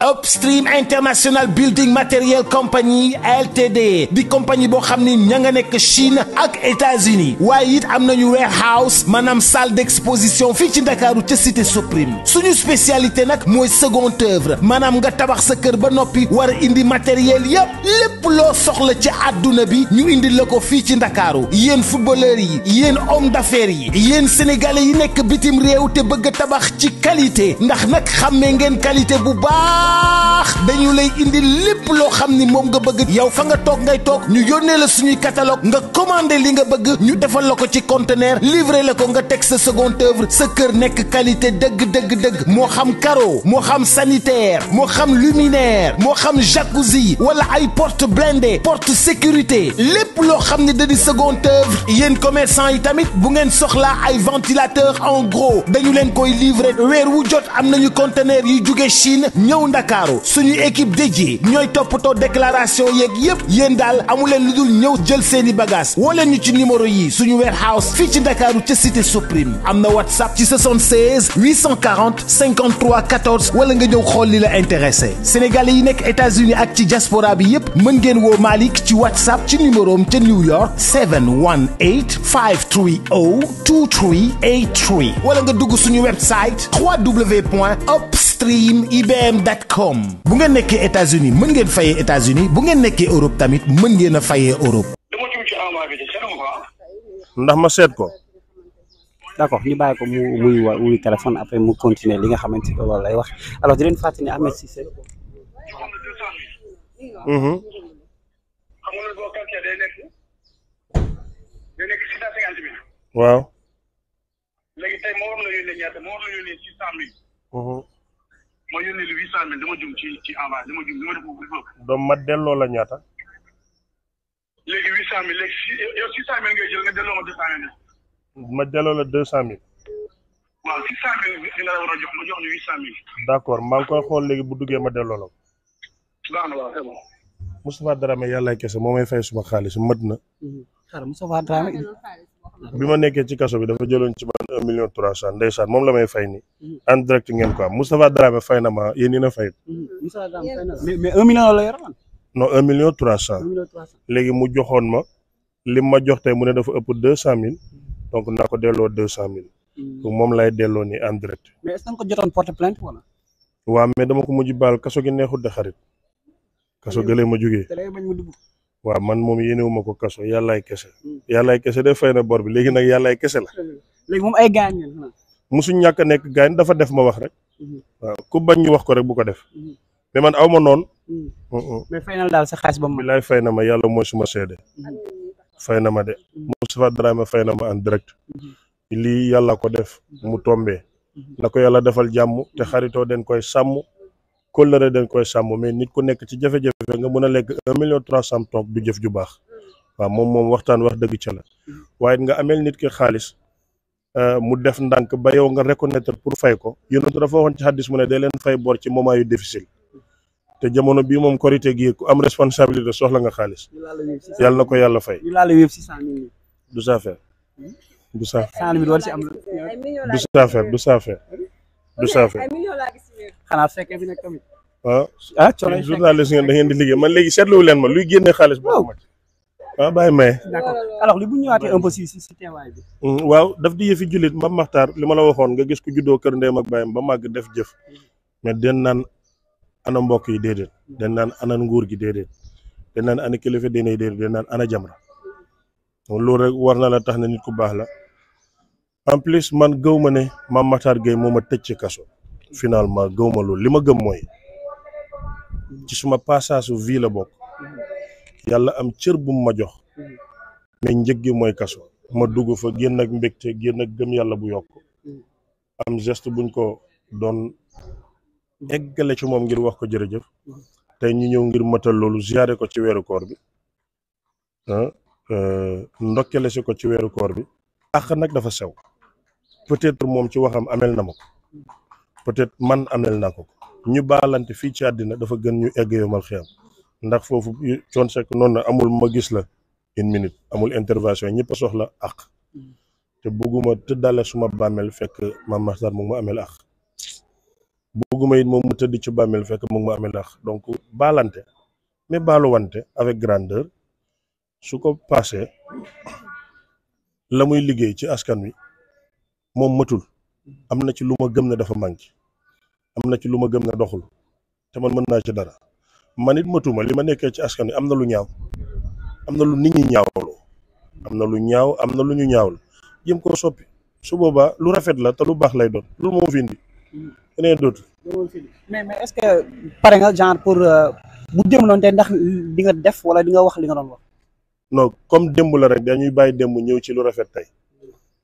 Upstream International Building Material Company LTD di compagnie boo xam ni ña nga nekk Chine ak états waaye it am nañu warehouse maanaam salle d'exposition fii ci Ndakaaru ca cité Suprême suñu spécialité nag mooy seconde œuvre maanaam nga tabax sa kër ba noppi war a indi matériel yépp lépp loo soxla ci àdduna bi ñu indi la ko fii ci Ndakaaru yéen footballeurs yi yéen homme d'affaires yi yéen sénégalais yi nekk bitim réew te bëgg tabax ci qualité ndax nag xàmmee ngeen qualité bu baax baax dañu lay indi lépp loo xam ni moom nga bëgg yow fa nga toog ngay toog ñu yónnee la suñuy catalogue nga commandé li nga bëgg ñu defal la ko ci conteneur livrer la ko nga teg sa seconde œuvre sa kër nekk qualité dëgg dëgg dëgg moo xam carreau moo xam sanitaire moo xam luminaire moo xam jacuzzi wala ay porte blindée porte sécurité lépp loo xam ni da di seconde œuvre yéen commerçant yi tamit bu ngeen soxlaa ay ventilateur en gros dañu leen koy livrer weer wu jot am nañu conteneur yi jóge Chine ñëw Dakar suñu équipe dédiée ñoy topoto déclaration yeeg yépp yeen dal amuleen luddul ñew jël seeni bagage woo leen ci numéro yi suñu warehouse fi ci Dakar ci cité Supreme amna whatsapp ci 76 840 53 14 wala nga ñew xol li la intéressé sénégalais yi nek états-unis ak ci diaspora bi yépp mën ngeen woo Malick ci whatsapp ci numéro am ci New York 718 530 2383 wala nga dugg suñu website www.ops streamibm.com bu ngeen nekkee États-Unis mën ngeen fayee États-Unis bu ngeen nekkee Europe tamit mën ngeen a fayee Europe. ndax ma seet ko. d' accord ñu ko mu muy wuy téléphone après mu continuer li nga xamante ne loolu lay wax alors di leen fàttali ne Ahmed ma yónnee delloo la ñaata. léegi huit cent deux cent mille. ma delloo maa ngi koy xool léegi bu duggee ma delloo la ko. baax na waaw yàlla kese moo may fay suma xaalis mët na. Mm-hmm. xaaral Moustapha bi ma nekkee ci kaso bi dafa jëloon ci man un million trois cent ndeysaan moom la may fay ni mm. en direct ngeen ko am Moustapha Dramé fay na ma yéen ñi na fay. Mm. Moustapha Dramé fay na un million trois cent. léegi mu joxoon ma lim ma jox tey mu ne dafa ëpp deux cent mille mm. donc naa ko delloo deux cent mille. moom lay delloo ni en direct. mais est ko jotoon porte mais dama ko mujj baal kaso gi neexut de xarit. kaso gëlee ma jugee. waaw man moom yéenewuma ko kaso yàllaay kese. Hmm. yàllaay kese de fay na bor bi léegi nag yàllaay kese la. léegi moom musu ñàkk a nekk gaañ dafa def ma wax rek. Hmm. waaw ku bañ wax ko rek bu ko def. Hmm. mais man aw ma noonu. Mm, mm. mais fay na daal fay na ma yàlla mooy suma seede. fay na ma de. Moustapha Dramé fay na ma en direct. lii yàlla ko def mu tombé. na ko yàlla defal jàmm te xaritoo den koy sàmm. kóllëre dañ koy sàmm mais nit ku nekk ci jafe-jafe nga mën a lekk un million trois cent toog du jëf ju baax waaw moom moom waxtaan wax dëgg ca la waaye nga ameel nit ki xaalis euh, mu def ndànk ba yow nga reconnaître pour fay ko yonentu dafa waxoon ci xaddis mu ne day leen fay bor ci moment yu difficile te jamono bii moom korité gi ko am responsabilité soxla nga xaalis yàlla na ko yàlla fay du saafeer du saafeer du saafeer du saafeer du saafeer xanaa sa cabine ak tamit. waaw ah coono ngeen di liggéey ma léegi seetlu leen ma luy génne xaalis boo ah, ma waaw li bu ñëwaatee un peu si si hmm, daf di yëfi jullit Mame Makhtar li ma la waxoon nga gis ku juddoo kër ndeyam ak bàyyam ba màgg def jëf mais den naan ana mbokk yi déedéet den naan ana nguur gi déedéet den naan ana kilifa diine naan ana jamra loolu rek war la tax na nit ku baax la en plus man gëw ma ne Mame Makhtar Gueye moo ma tëj finalement gëwma loolu li ma gëm mooy ci suma passage vie la bokk yàlla am cër bu ma jox mais njëg mooy kaso ma dugg fa génn ak mbégte génn ak gëm yàlla bu yokk am gest buñ ko doon eggale ci moom ngir wax ko jërëjëf te ñu ñëw ngir matal loolu ziare ko ci weeru koor bi ah, euh, ndokkele si ko ci weeru koor bi àq nag dafa sew peut-être moom ci waxam amel na ma ko peut-être man amel na ko ñu baalante fii ci àddina dafa gën ñu egg yomal xiyam ndax foofu coon sekk noonu na amul ma gis la une minute amul intervention ñëpp a soxla ak te bëgguma tëddale suma bàmmeel fekk maam Maxtar mu ngi ma ameel ak bëgguma it moom mu tëdd ci bàmmeel fekk mu ngi ma ameel ak donc baalante mais baaluwante avec grandeur su ko passé la muy liggéey ci askan wi moom matul am na ci lu ma gëm ne dafa manqué am na ci lu ma gëm ne doxul te man mën naa ci dara man it matuma li ma nekkee ci askan wi am na lu ñaaw am na lu nit ñi ñaawlu am na lu ñaaw am na lu ñu ñaaw la jëm koo soppi su boobaa lu rafet la te lu baax lay doon loolu moo fi indi keneen dootul. mais mais pare nga genre pour euh, bu démb noonu tey ndax di nga def wala di nga wax li nga doon wax. non comme démb la rek dañuy bàyyi démb ñëw ci lu rafet tey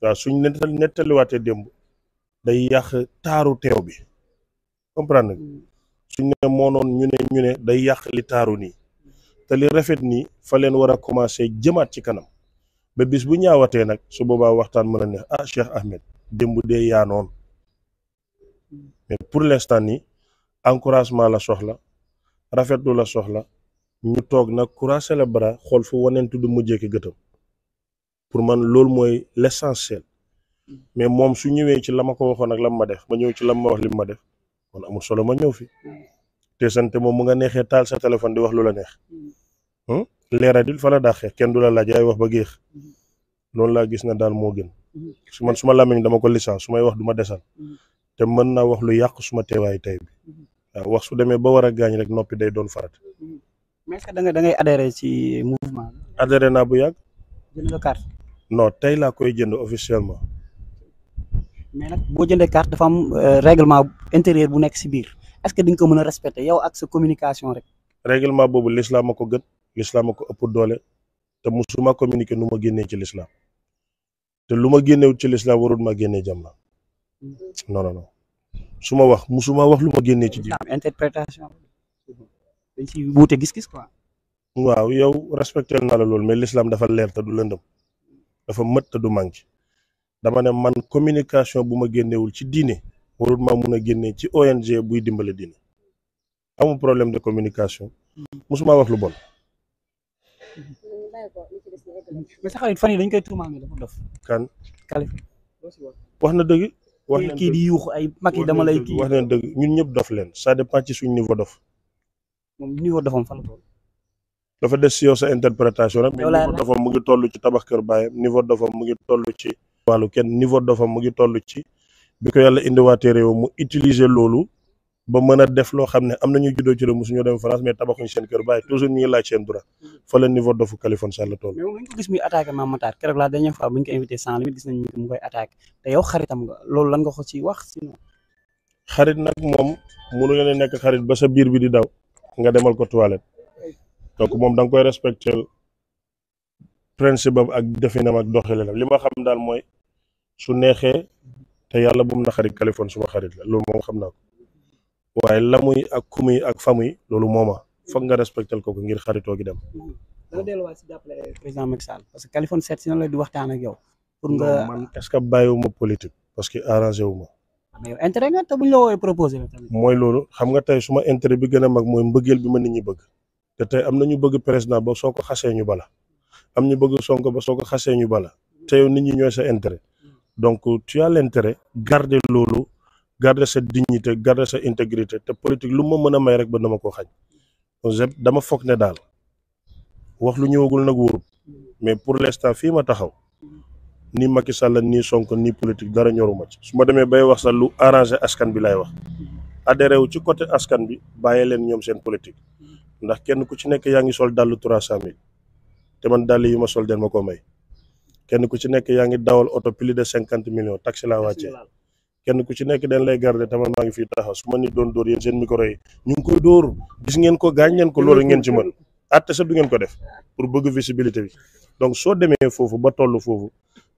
waaw suñ nettaliwaatee démb day yàq taaru teew bi. comprendre nga mm. suñ ne moo noon ñu ne ñu ne day yaq li taru ni te li rafet ni fa leen wara commencer jëmat ci kanam ba bis bu nak su boba waxtaan mëna ah Cheikh Ahmed dembu dee ya non mais pour l'instant ni encouragement la soxla rafetlu la soxla ñu tok nak courage les bras xool fu waneentu du mujjé ki gëteum pour man lool moy l'essentiel mm. mais mom su ñëwé ci lama ko waxon ak lama def ba ñëw ci lama wax lima def kon amul solo ma ñëw fi te sante moom mu nga neexee taal sa téléphone di wax lu la neex hmm? leeradil fa la daaxee kenn du la laaj yaay wax ba géex loolu laa gis na daal moo gën su man suma làmmiñ dama ko licence su may wax du ma desal te mën naa wax lu yàq suma teewaay tey bi waaw wax su demee ba war a gaañ rek noppi day doon farat mais da nga da ngay adhéré ci mouvement naa bu yàgg jënd nga carte tey laa koy jënd officiellement mais nag boo jëndee carte dafa am euh, règlement intérieur bu nekk si biir est-ce que di nga ko mën a respecter yow ak sa communication rek. règlement boobu l'islam a ko gën l'islam a ko ëpp doole te musuma communiquer nu ma génnee ci l'islam te lu ma génnewut ci l'islam warul ma génnee jàmm la hmm. non su ma wax musuma wax lu ma génnee ci ji. interprétation dañ ci wuute gis-gis quoi. waaw yow respecté naa la loolu mais l'islam dafa leer te du lëndëm dafa mët te du manqué. dama ne man communication buma ma génnewul ci diine warul ma meuna a ci ONG buy dimbalé diine amu problème de communication musuma wax lu bon mais sa fani dañ koy tuumaal ne dafa kan Kaliphone wax na dëgg wax na kii di yuuxu ay mag dama lay ki wax na dëgg ñun ñep dof len ça dépend ci suñu niveau dof mom niveau dofam fa la dafa dess si sa interprétation rek mais niveau dofam mu ngi tollu ci tabakh kër baye niveau dofam mu ngi tollu ci wàllu kenn niveau dafa mu ngi toll ci bi ko yàlla indiwaatee réew mu utiliser loolu ba mën a def loo xam ne am nañu juddoo ci réew mu suñu dem France mais tabaxuñ seen kër bàyyi toujours ñu ngi laaj seen droit fa la niveau dafu Khaliphone Sall toll. mais ñu ko gis muy attaqué ma Matar keroog la dernière fois ko invité sans limite gis mu koy attaqué te yow xaritam xarit nag moom mënu ngeen nekk xarit ba sa biir bi di daw nga demal ko toilette donc moom da koy respecté prince am ak definam ak doxalinam li ma xam dal moy su neexee te yalla bu mu xarit kalifon suma xarit la loolu moom xam na ko waaye lamuy ak kumuy ak famuy loolu moma foog nga respectel ko ngir xarito gi dem. da delu wat ci jàppale président Macky Sall parce que kalifon set si na la di waxtaan ak yow. pour nga man est-ce que bàyyiwuma politique parce que arrangé wu ma. Ah, mais intérêt nga te buñ la woowee proposer la tamit. mooy loolu xam nga tay suma intérêt bi gëna a mag mooy mbëggeel bi ma nit ñi bëgg te tay amna ñu bëgg président bo soko ko ñu bala am ñu bëgg sonk ba soko xasse ñu bala te yow nit ñi ñoy sa intérêt donc tu as l'intérêt garder lolu garder sa dignité garder sa intégrité te politique lu ma mëna may rek ba dama ko xaj dama fokk né dal wax lu ñëwagul nak wuur mais pour l'instant fi ma taxaw ni Macky Sall ni Sonko ni politique dara ñoruma ci suma démé bay wax sa lu arranger askan bi lay wax adhéré wu ci côté askan bi bayé len ñom sen politique ndax kenn ku ci nekk yaangi sol dalu 300000 te man dàll yi ma sol den ma koo may kenn ku ci nekk yaa ngi dawal oto plus de cinquante millions taxi laa wàccee kenn ku ci nekk den lay garder te man maa ngi fii taxaw su ma ni doon dóor yéen seen micro yi ñu ngi koy dóor gis ngeen ko gaañ ngeen ko loolu ngeen ci mën atte sa du ngeen ko def pour bëgg visibilité bi donc soo demee foofu ba tollu foofu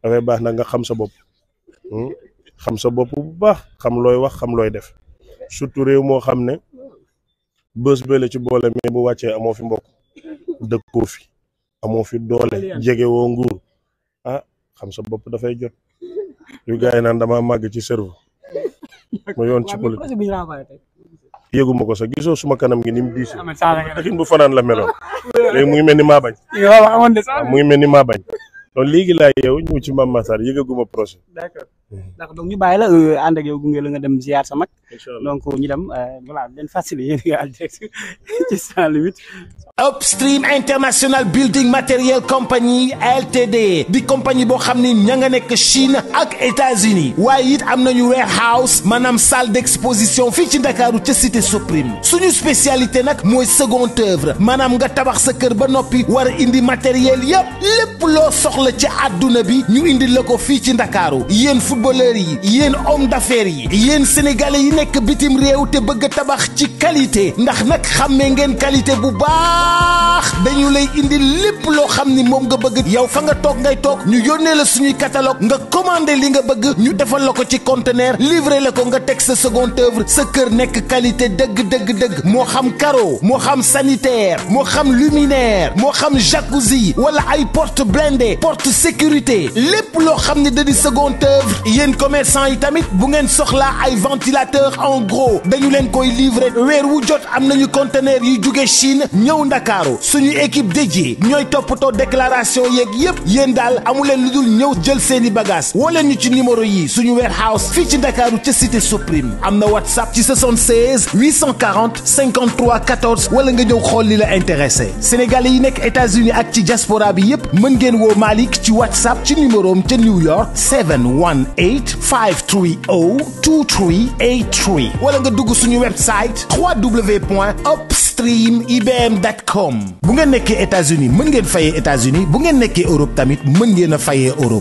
dafay baax nag nga xam sa bopp hmm? xam sa bopp bu baax xam looy wax xam looy def surtout réew moo xam ne bés ba ci boole mais bu wàccee amoo fi mbokk dëkkoo fi amoo fi doole jege woo nguur ah xam sa bopp dafay jot yu gars yi naan damaa màgg ci serve ma yoon ci politique yëgu ma ko sax gisoo suma kanam gi ni mu diisee taxin bu fanaan la meloon léegi mu ngi mel ni maa bañ mu ngi mel ni maa bañ loolu léegi laa yeew ñëw ci Mame Matar yëgaguma projet donc ñu la euh, ak yow la nga dem ziar sa donc ñu dem euh, voilà direct Upstream International Building Material Company LTD di compagnie bo xamni ña nga nek Chine ak États-Unis Waïd it am ñu warehouse manam salle d'exposition Fitchin ci Ndakaaru cité Supreme suñu spécialité n'ak moy seconde œuvre manam nga tabax sa kër ba war indi matériel yépp lépp lo soxla ci aduna bi ñu indi loco fi ci footballeur yi yéen homme d'affaires yi yéen sénégalais yi nekk bitim réew te bëgg tabax ci qualité ndax nag xàmmee ngeen qualité bu baax baax dañu lay indi lépp loo xam ni moom nga bëgg yow fa nga toog ngay toog ñu yónnee la suñuy catalogue nga commander li nga bëgg ñu defal la ko ci conteneur livrer la ko nga teg sa seconde œuvre sa kër nekk qualité dëgg dëgg dëgg moo xam carreau moo xam sanitaire moo xam luminaire moo xam jacuzzi wala ay porte blindée porte sécurité lépp loo xam ne da seconde œuvre yéen commerçant yi tamit bu ngeen soxlaa ay ventilateur en gros dañu leen koy livrer weer wu jot am nañu conteneur yi jóge Chine ñëw Ndakaaru suñu équipe dédiée ñoy topoto déclaration yeeg yépp yeen dal amuleen lu dul ñëw jël seeni bagage woo leen ñu ci numéro yi suñu warehouse fi ci Ndakaaru ci cité Supreme amna whatsapp ci 76 840 53 14 wala nga ñew xol li la intéressé sénégalais yi nek États-Unis ak ci diaspora bi yépp mën ngeen wo Malik ci whatsapp ci numéro am ca New York 718 530 2383 wala nga dugg suñu website www.upstreamibm.com bu ngeen nekkee États-Unis mën ngeen fayee États-Unis bu ngeen nekkee Europe tamit mën ngeen a fayee Europe